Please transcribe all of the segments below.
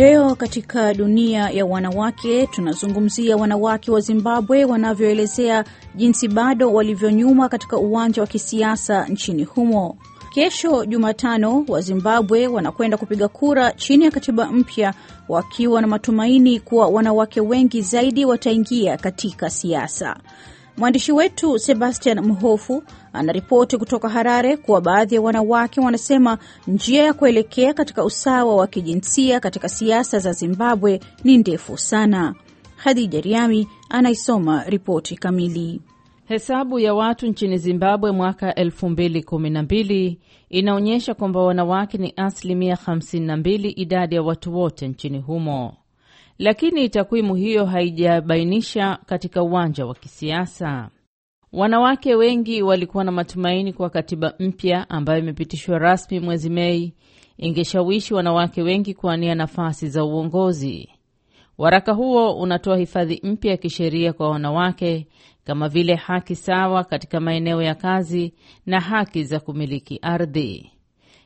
Leo katika dunia ya wanawake tunazungumzia wanawake wa Zimbabwe wanavyoelezea jinsi bado walivyonyuma katika uwanja wa kisiasa nchini humo. Kesho Jumatano, wa Zimbabwe wanakwenda kupiga kura chini ya katiba mpya wakiwa na matumaini kuwa wanawake wengi zaidi wataingia katika siasa. Mwandishi wetu Sebastian Mhofu anaripoti kutoka Harare kuwa baadhi ya wanawake wanasema njia ya kuelekea katika usawa wa kijinsia katika siasa za Zimbabwe ni ndefu sana. Khadija Riami anaisoma ripoti kamili. Hesabu ya watu nchini Zimbabwe mwaka 2012 inaonyesha kwamba wanawake ni asilimia 52 idadi ya watu wote nchini humo lakini takwimu hiyo haijabainisha katika uwanja wa kisiasa. Wanawake wengi walikuwa na matumaini kwa katiba mpya ambayo imepitishwa rasmi mwezi Mei ingeshawishi wanawake wengi kuwania nafasi za uongozi. Waraka huo unatoa hifadhi mpya ya kisheria kwa wanawake kama vile haki sawa katika maeneo ya kazi na haki za kumiliki ardhi.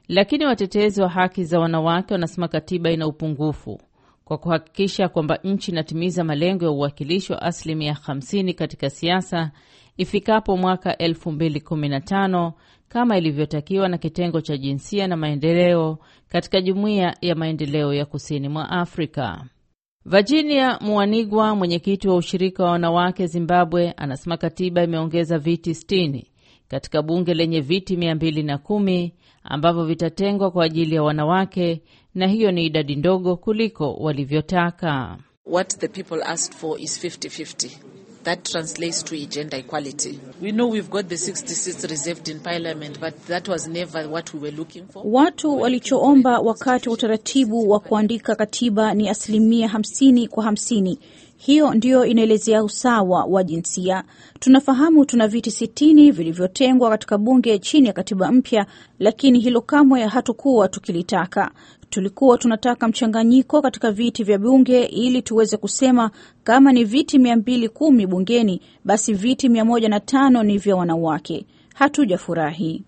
Lakini watetezi wa haki za wanawake wanasema katiba ina upungufu kwa kuhakikisha kwamba nchi inatimiza malengo ya uwakilishi wa asilimia 50 katika siasa ifikapo mwaka 2015 kama ilivyotakiwa na kitengo cha jinsia na maendeleo katika jumuiya ya maendeleo ya kusini mwa Afrika. Virginia Muanigwa, mwenyekiti wa ushirika wa wanawake Zimbabwe, anasema katiba imeongeza viti 60 katika bunge lenye viti 210 ambavyo vitatengwa kwa ajili ya wanawake, na hiyo ni idadi ndogo kuliko walivyotaka. What the people asked for is 50-50. That translates to gender equality. We know we've got the reserved in parliament, but that was never what we were looking for. Watu walichoomba wakati wa utaratibu wa kuandika katiba ni asilimia 50 kwa hamsini hiyo ndiyo inaelezea usawa wa jinsia. Tunafahamu tuna viti sitini vilivyotengwa katika bunge chini ya katiba mpya, lakini hilo kamwe hatukuwa tukilitaka. Tulikuwa tunataka mchanganyiko katika viti vya bunge ili tuweze kusema kama ni viti mia mbili kumi bungeni, basi viti mia moja na tano ni vya wanawake. Hatujafurahi,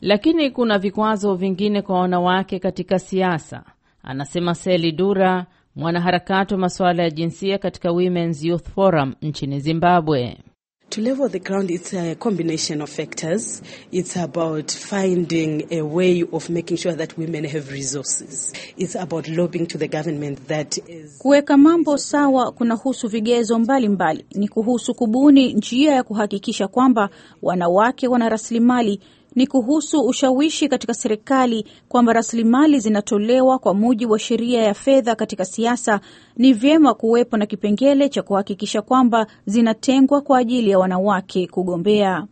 lakini kuna vikwazo vingine kwa wanawake katika siasa, anasema Seli Dura, mwanaharakati wa masuala ya jinsia katika Women's Youth Forum nchini Zimbabwe. To level the ground, it's a combination of factors. It's about finding a way of making sure that women have resources. It's about lobbying to the government that is... Kuweka mambo sawa kunahusu vigezo mbalimbali mbali. Ni kuhusu kubuni njia ya kuhakikisha kwamba wanawake wana rasilimali ni kuhusu ushawishi katika serikali kwamba rasilimali zinatolewa kwa mujibu wa sheria ya fedha katika siasa. Ni vyema kuwepo na kipengele cha kuhakikisha kwamba zinatengwa kwa ajili ya wanawake kugombea.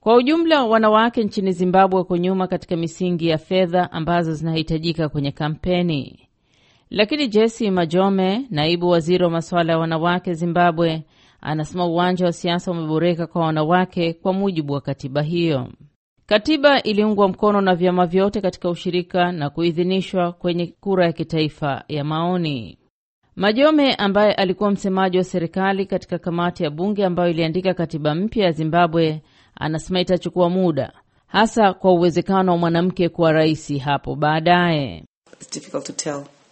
Kwa ujumla, wanawake nchini Zimbabwe wako nyuma katika misingi ya fedha ambazo zinahitajika kwenye kampeni. Lakini Jesse Majome, naibu waziri wa masuala ya wanawake Zimbabwe, anasema uwanja wa siasa umeboreka kwa wanawake kwa mujibu wa katiba hiyo. Katiba iliungwa mkono na vyama vyote katika ushirika na kuidhinishwa kwenye kura ya kitaifa ya maoni. Majome ambaye alikuwa msemaji wa serikali katika kamati ya bunge ambayo iliandika katiba mpya ya Zimbabwe anasema itachukua muda hasa kwa uwezekano wa mwanamke kuwa rais hapo baadaye.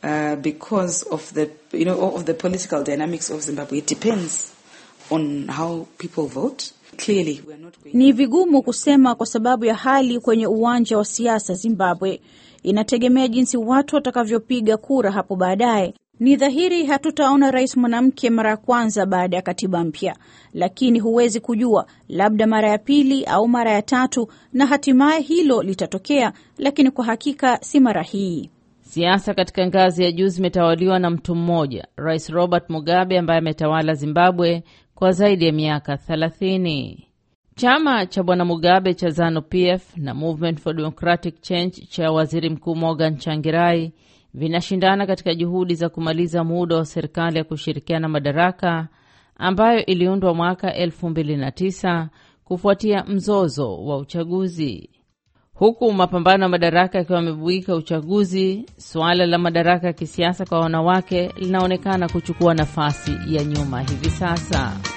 Uh, you know, on how people vote. Clearly, we are not going... Ni vigumu kusema kwa sababu ya hali kwenye uwanja wa siasa Zimbabwe inategemea jinsi watu watakavyopiga kura hapo baadaye. Ni dhahiri hatutaona rais mwanamke mara ya kwanza baada ya katiba mpya, lakini huwezi kujua, labda mara ya pili au mara ya tatu, na hatimaye hilo litatokea, lakini kwa hakika si mara hii. Siasa katika ngazi ya juu zimetawaliwa na mtu mmoja, Rais Robert Mugabe, ambaye ametawala Zimbabwe kwa zaidi ya miaka 30. Chama cha bwana Mugabe cha ZANU-PF na Movement for Democratic Change cha waziri mkuu Morgan Changirai vinashindana katika juhudi za kumaliza muda wa serikali ya kushirikiana madaraka ambayo iliundwa mwaka 2009 kufuatia mzozo wa uchaguzi. Huku mapambano ya madaraka yakiwa yamebuika uchaguzi, suala la madaraka ya kisiasa kwa wanawake linaonekana kuchukua nafasi ya nyuma hivi sasa.